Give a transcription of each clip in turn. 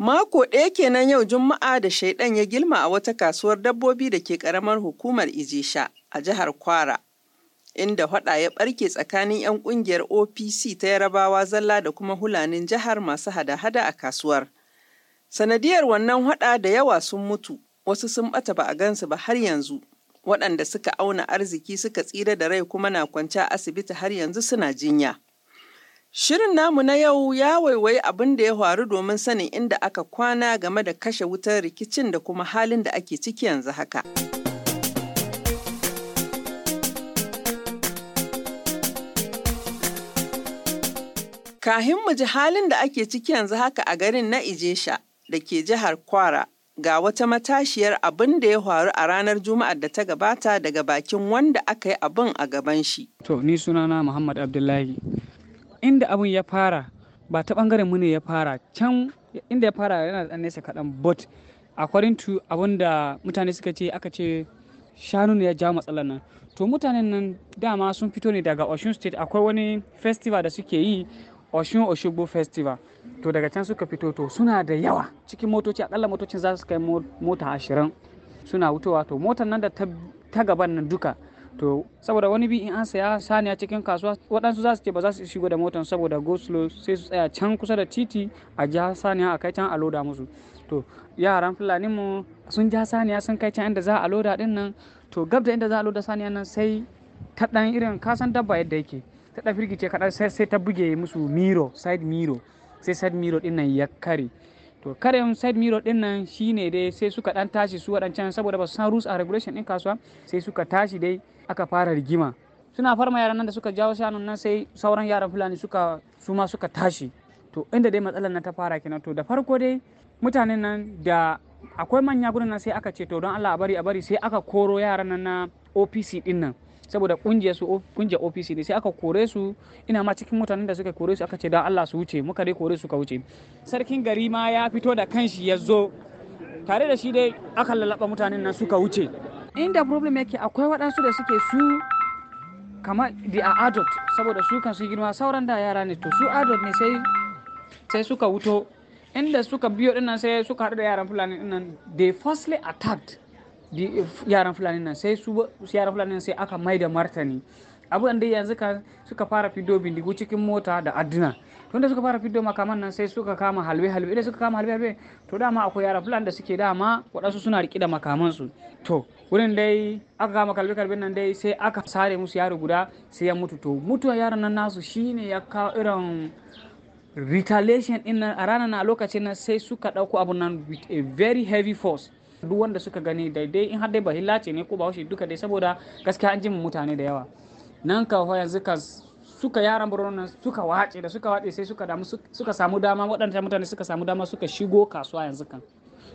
Mako ɗaya kenan yau Juma'a da shaiɗan ya gilma a wata kasuwar dabbobi da ke ƙaramar hukumar Ijesha a jihar Kwara, inda haɗa ya ɓarke tsakanin 'yan ƙungiyar OPC ta Yarabawa zalla da kuma hulanin jihar masu hada-hada a kasuwar. Sanadiyar wannan haɗa da yawa sun mutu, wasu sun ɓata ba a gansu ba har yanzu. Waɗanda suka auna arziki suka tsira da rai kuma na kwance a asibiti har yanzu suna jinya. Shirin namu na yau ya waiwayi abin da ya faru domin sanin inda aka kwana game da kashe wutar rikicin da kuma halin da ake ciki yanzu haka. Kahin mu ji halin da ake ciki yanzu haka a garin na Ijesha da ke jihar Kwara ga wata matashiyar abin da ya faru a ranar Juma'ar da ta gabata daga bakin wanda aka yi abin a gaban shi. To, ni sunana Muhammad Abdullahi. inda abun ya fara ba ta bangaren mu ne ya fara can inda ya fara yana da nesa kaɗan but according to abin da mutane suka ce aka ce shanu ne ya ja matsalar nan to mutanen nan dama sun fito ne daga osun state akwai wani festival da suke yi osun oshogbo festival to daga can suka fito to suna da yawa cikin motoci akalla motocin za su kai mota ashirin suna wutowa to motar nan da ta gaban nan duka to saboda wani bi in an saya saniya cikin kasuwa waɗansu za su ce ba za su shigo da motan saboda go slow sai su tsaya can kusa da titi a ja saniya a kai can a loda musu to yaran fulani mu sun ja saniya sun kai can inda za a loda din nan to gab da inda za a loda saniya nan sai ta ɗan irin kasan dabba yadda yake ta ɗan firgice kaɗan sai ta buge musu miro side miro sai side miro din nan ya kare to karin side mirror din nan shine dai sai suka dan tashi su wadancan saboda ba su san rules and regulation din kasuwa sai suka tashi dai aka fara rigima suna farma yaran nan da suka jawo shanun nan sai sauran yaran fulani suka su ma suka tashi to inda dai matsalar na ta fara kenan to da farko dai mutanen nan da akwai manya gudun nan sai aka ce to don Allah a bari a bari sai aka koro yaran nan na OPC din nan saboda kungiyar su kungiyar OPC ne sai aka kore su ina ma cikin mutanen da suka kore su aka ce don Allah su wuce muka dai kore su ka wuce sarkin gari ma ya fito da kanshi ya zo tare da shi dai aka lalaba mutanen nan suka wuce inda problem yake akwai waɗansu da suke su kamar they are adult saboda su kan su girma sauran da yara ne to su adult ne sai sai suka wuto inda suka biyo dinnan sai suka haɗu da yaran fulani dinnan they firstly attacked yaran fulani nan sai su yaran fulani sai aka mai da martani abin da yanzu suka fara fido bindigu cikin mota da adduna tunda suka fara fido makaman nan sai suka kama halbe halbe idan suka kama halbe halbe to dama akwai yara fulani da suke dama waɗansu suna riƙe da makaman su to wurin dai aka kama kalbe kalbe nan dai sai aka sare musu yaro guda sai ya mutu to mutuwar yaron nan nasu shine ya kawo irin retaliation din nan a ranar na lokacin nan sai suka ɗauko abun nan with a very heavy force duk wanda suka gani daidai in har dai bahilla ce ne ko ba duka dai saboda gaskiya an ji mutane da yawa nan kawo yanzu ka suka yaran birnin suka wace da suka wace sai suka damu suka samu dama waɗanda mutane suka samu dama suka shigo kasuwa yanzu kan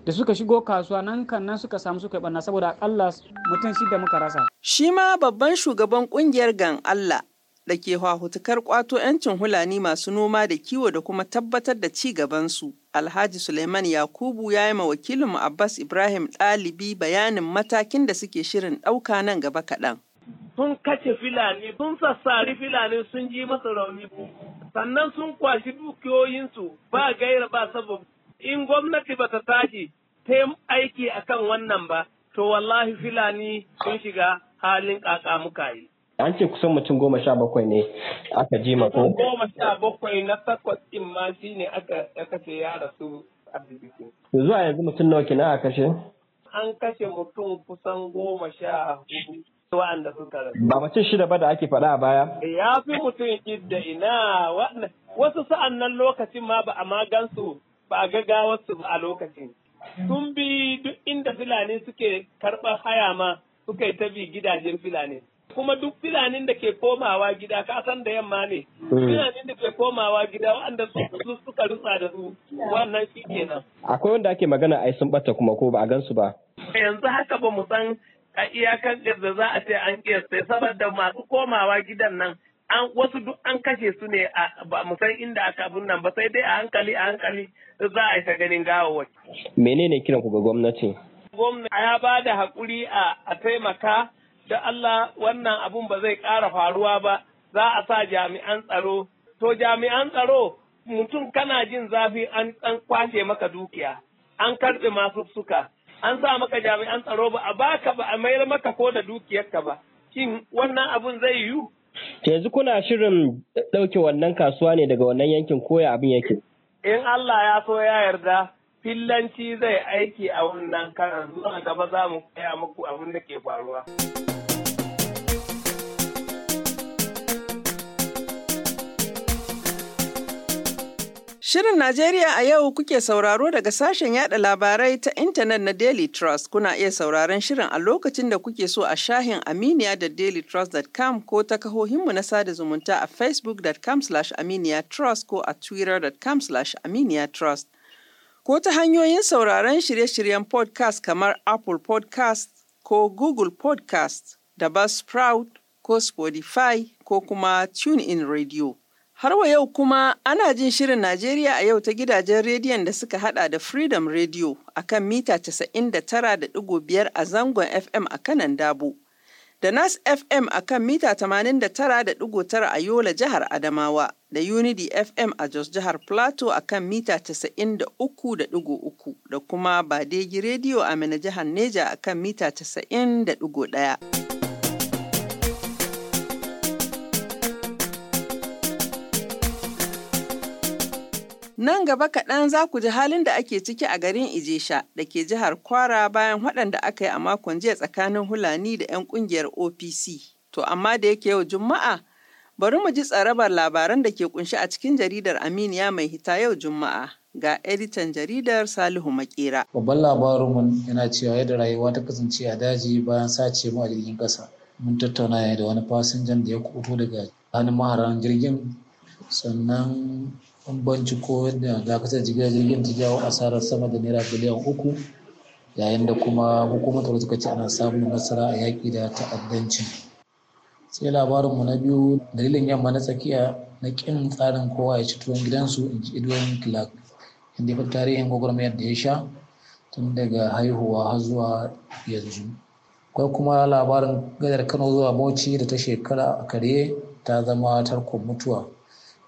da suka shigo kasuwa nan kan nan suka samu suka barna saboda akalla mutum shida muka rasa. Shi ma babban shugaban kungiyar gan Allah da ke hahutukar kwato 'yancin hulani masu noma da kiwo da kuma tabbatar da ci gabansu. Alhaji Suleiman Yakubu ya yi ma wakilinmu Abbas Ibrahim ɗalibi bayanin matakin da suke shirin ɗauka nan gaba kaɗan. sun kace filani sun sassari filani sun ji masa rauni sannan sun kwashi dukiyoyinsu ba gaira ba saboda in gwamnati ba ta tashi ta aiki akan wannan ba to wallahi filani sun shiga halin muka yi. An ce kusan mutum goma sha bakwai ne aka ji mako. goma sha bakwai na takwas ɗin ma shi ne aka ce ya rasu asibiti. Zuwa yanzu mutum nawa kina a kashe? An kashe mutum kusan goma sha hudu. wa'anda suka rasu. Ba mace shida ba da ake faɗa a baya? Ya fi mutum da ina wasu sa'an nan lokacin ma ba a magansu ba a gagawarsu ba a lokacin. Sun bi duk inda Fulani suke karɓar haya ma suka yi ta bi gidajen filanin. Kuma duk filanin da ke komawa gida ka san da yamma ne. Mm. Filanin da ke komawa gida waɗanda su suka rutsa da su wannan shi kenan. Akwai wanda ake magana ai sun ɓata kuma ko ba a gansu ba. Yanzu haka ba mu san a iyakan da za a ce an kiyasta saboda masu komawa gidan nan an wasu duk an kashe su ne ba mu san inda aka abun nan ba sai dai a hankali a hankali za a yi ta ganin gawawwaki. Menene kiran ku ga gwamnati? Gwamnati ya ba da haƙuri a taimaka da Allah wannan abun ba zai ƙara faruwa ba za a sa jami'an tsaro. To jami'an tsaro mutum kana jin zafi an kwashe maka dukiya an karɓe masu suka an sa maka jami'an tsaro ba a baka ba a mayar maka ko da dukiyarka ba shin wannan abun zai yiwu yanzu kuna shirin ɗauke wannan kasuwa ne daga wannan yankin koya abin yake in Allah ya so ya yarda fillanci zai aiki a wannan karan zuwa gaba za mu kaya muku abin da ke faruwa. Shirin Najeriya a yau kuke sauraro daga sashen yada labarai ta intanet na Daily Trust. Kuna iya sauraron shirin a lokacin da kuke so a shahin Aminiya da dailytrust.com ko ta kahohinmu na sada zumunta a facebookcom trust ko a twittercom trust ko ta hanyoyin sauraron shirye-shiryen podcast kamar Apple podcast ko Google podcast da Buzzsprout ko Spotify ko kuma TuneIn Radio. Har wa yau kuma ana jin shirin Najeriya a yau ta gidajen rediyon da suka hada da Freedom Radio a kan mita 99.5 a zangon FM a kanan Dabo, da Nas FM a kan mita 89.9 a Yola jihar Adamawa, da Unity FM a Jos jihar Plateau a kan mita 93.3 da kuma Badegi Radio a Mina jihar Neja a kan mita 91. Nan gaba kaɗan za ku ji halin da ake ciki a garin Ijesha da ke jihar Kwara bayan waɗanda aka yi a makon jiya tsakanin Hulani da 'yan ƙungiyar OPC. To amma da yake yau Juma'a, bari mu ji tsarabar labaran da ke kunshi a cikin jaridar Aminiya mai hita yau Juma'a. Ga editan jaridar Salihu Makera. Babban mun yana cewa yadda rayuwa ta kasance a daji bayan sace mu a jirgin ƙasa. Mun tattauna da wani fasinjan da ya kubuto daga hannun maharan jirgin sannan an ko yadda dakatar jigilar jirgin ta jawo asarar sama da naira biliyan uku yayin da kuma hukumar tsaro suka ce ana samun nasara a yaƙi da ta'addanci sai labarinmu na biyu dalilin yamma na tsakiya na ƙin tsarin kowa ya ci tuwon gidansu in ji edwin clark inda ya fi tarihin gwagwarmayar da ya sha tun daga haihuwa har zuwa yanzu akwai kuma labarin gadar kano zuwa bauchi da ta shekara a kare ta zama tarkon mutuwa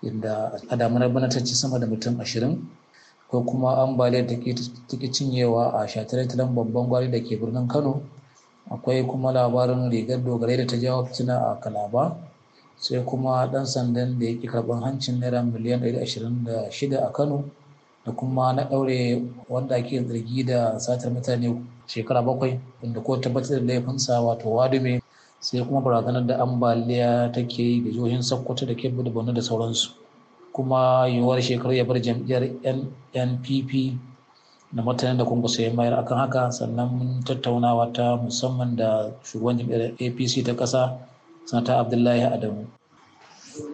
inda a damunar bana ta ci sama da mutum ashirin ko kuma ambaliyar da take cinyewa a shataletalen babban gwari da ke birnin kano akwai kuma labarin rigar dogarai da ta jawo fitina a kalaba sai kuma dan sandan da ya ki karban hancin naira miliyan 126 a kano da kuma na ɗaure wanda ke zargi da satar mutane shekara bakwai inda ko tabbatar da laifinsa wato wadume sai kuma barazanar da ambaliya take yi da jihohin sokoto da kebbi da borno da sauransu kuma yiwuwar shekaru ya bar jam'iyyar npp na martanin da kwankwasa ya mayar akan haka sannan mun tattaunawa ta musamman da shugaban jam'iyyar apc ta kasa sanata abdullahi adamu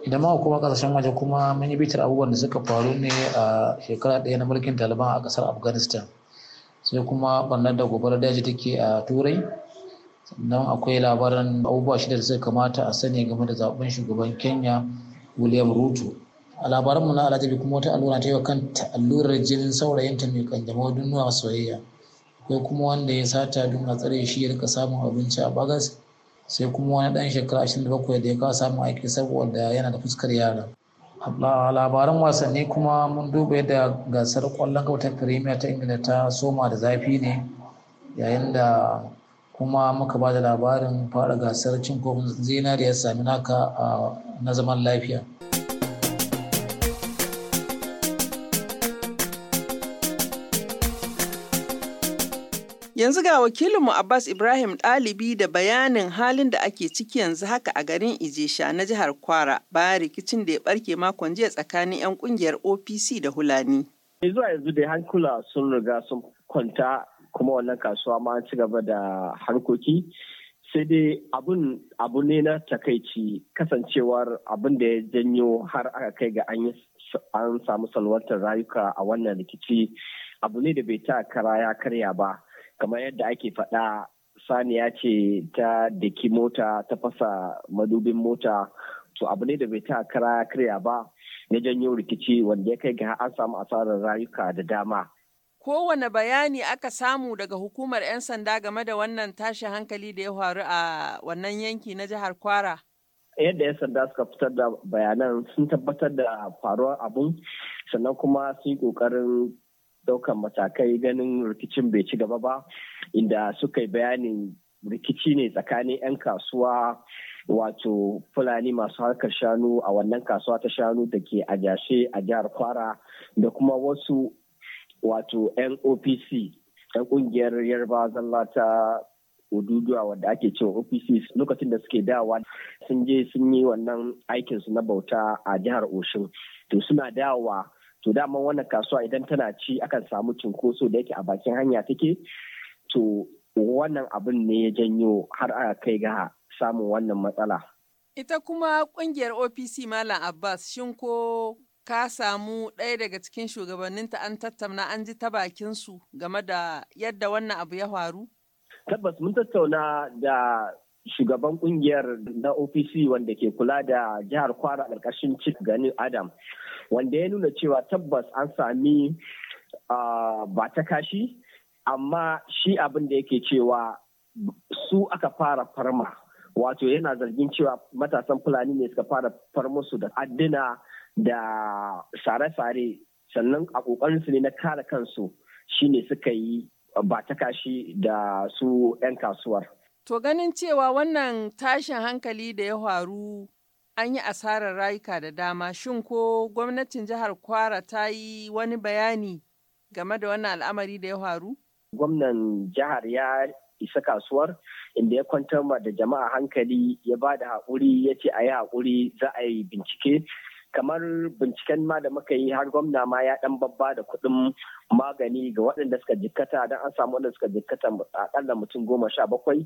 idan ma kuma kasashen waje kuma mun yi bitar abubuwan da suka faru ne a shekara ɗaya na mulkin taliban a ƙasar afghanistan sai kuma ɓannar da gobara daji take a turai sannan akwai labaran abubuwa shida da suka kamata a sani game da zaben shugaban kenya william ruto a labaranmu na alajabi kuma wata allura ta yi wa kanta allurar jinin saurayinta mai kanjamau don nuna soyayya akwai kuma wanda ya sata don a tsare shi ya rika samun abinci a bagas sai kuma wani dan shekara ashirin da bakwai da ya kawo samun aiki saboda yana da fuskar yara a labaran wasanni kuma mun duba yadda gasar kwallon kafa ta premier ta ingila ta soma da zafi ne yayin da kuma muka ba da labarin fara gasar cin kofin zinariya sami naka na zaman lafiya Yanzu ga wakilinmu Abbas Ibrahim ɗalibi da bayanin halin da ake ciki yanzu haka a garin Ijesha na jihar Kwara bayan rikicin da ya barke makon jiya tsakanin 'yan kungiyar OPC da Hulani. Zuwa yanzu dai hankula sun riga sun kwanta kuma wannan kasuwa ma ci gaba da harkoki sai dai abu ne na takaici kasancewar abin da ya janyo har aka kai ga an samu salwantar rayuka a wannan rikici abu ne da bai ta kara ya karya ba kamar yadda ake faɗa saniya ce ta daki mota ta fasa madubin mota to abu ne da bai ta kara ya karya ba na janyo rikici wanda ya kai ga an samu asarar rayuka da dama kowane bayani aka samu daga hukumar 'yan sanda game da wannan tashin hankali da ya faru a wannan yanki na jihar Kwara? Yadda 'yan sanda suka fitar da bayanan sun tabbatar da faruwar abun sannan kuma sun yi ƙoƙarin ɗaukar matakai ganin rikicin bai ci gaba ba inda suka yi bayanin rikici ne tsakanin 'yan kasuwa wato fulani masu harkar shanu a wannan kasuwa ta shanu da ke a jihar kwara da kuma wasu wato NOPC ta kungiyar yarba zalla ta Oduduwa wanda ake cewa OPC lokacin da suke dawa sun je sun yi wannan aikin su na bauta a jihar Oshun. To suna dawa to dama wannan kasuwa idan tana ci akan samu cinkoso da yake a bakin hanya take. To wannan abin ne ya janyo har aka kai ga samun wannan matsala. Ita kuma kungiyar OPC Malam Abbas shin ko ka samu ɗaya daga cikin shugabanninta an tattauna an ji ta bakinsu game da yadda wannan abu ya faru? Tabbas mun tattauna da shugaban kungiyar na OPC wanda ke kula da jihar Kwara ƙarƙashin Chief Gani Adam wanda ya nuna cewa tabbas an sami ba ta kashi amma shi abin da yake cewa su aka fara farma wato yana zargin cewa matasan fulani ne suka fara farmusu da addina da sare-sare sannan a su ne na kare kansu shine suka yi ba ta kashi da su 'yan kasuwar. To ganin cewa wannan tashin hankali da ya faru an yi asarar rayuka da dama shin ko gwamnatin jihar Kwara ta yi wani bayani game da wannan al'amari da ya faru? Gwamnan jihar ya isa kasuwar inda ya kwantar da jama'a hankali ya ba da haƙuri ya ce a yi haƙuri za a yi bincike kamar binciken ma da muka yi har gwamna ma ya dan babba da kuɗin magani ga waɗanda suka jikkata don an samu waɗanda suka jikkata akalla mutum goma sha bakwai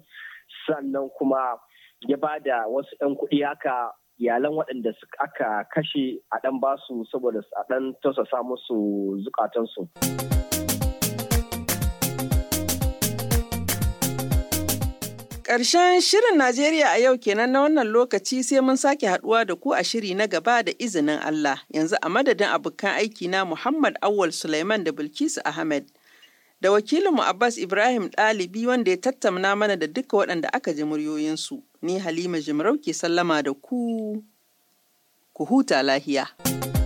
sannan kuma ya ba da wasu 'yan kuɗi haka iyalan waɗanda aka kashe a ɗan basu saboda a ɗan tausasa musu zukatansu. Karshen shirin Najeriya a yau kenan na wannan lokaci sai mun sake haduwa da ku a shiri na gaba da izinin Allah. Yanzu a madadin abokan aiki na Muhammad Awal Sulaiman da Bilkisu Ahmed. Da wakilinmu Abbas Ibrahim Ɗalibi wanda ya tattauna mana da duka waɗanda aka ji muryoyinsu. Ni Halima Jimarau sallama da ku, ku huta lahiya.